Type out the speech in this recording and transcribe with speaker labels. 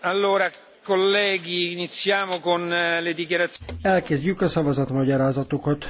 Speaker 1: Eh,
Speaker 2: elkezdjük a szavazatmagyarázatokat.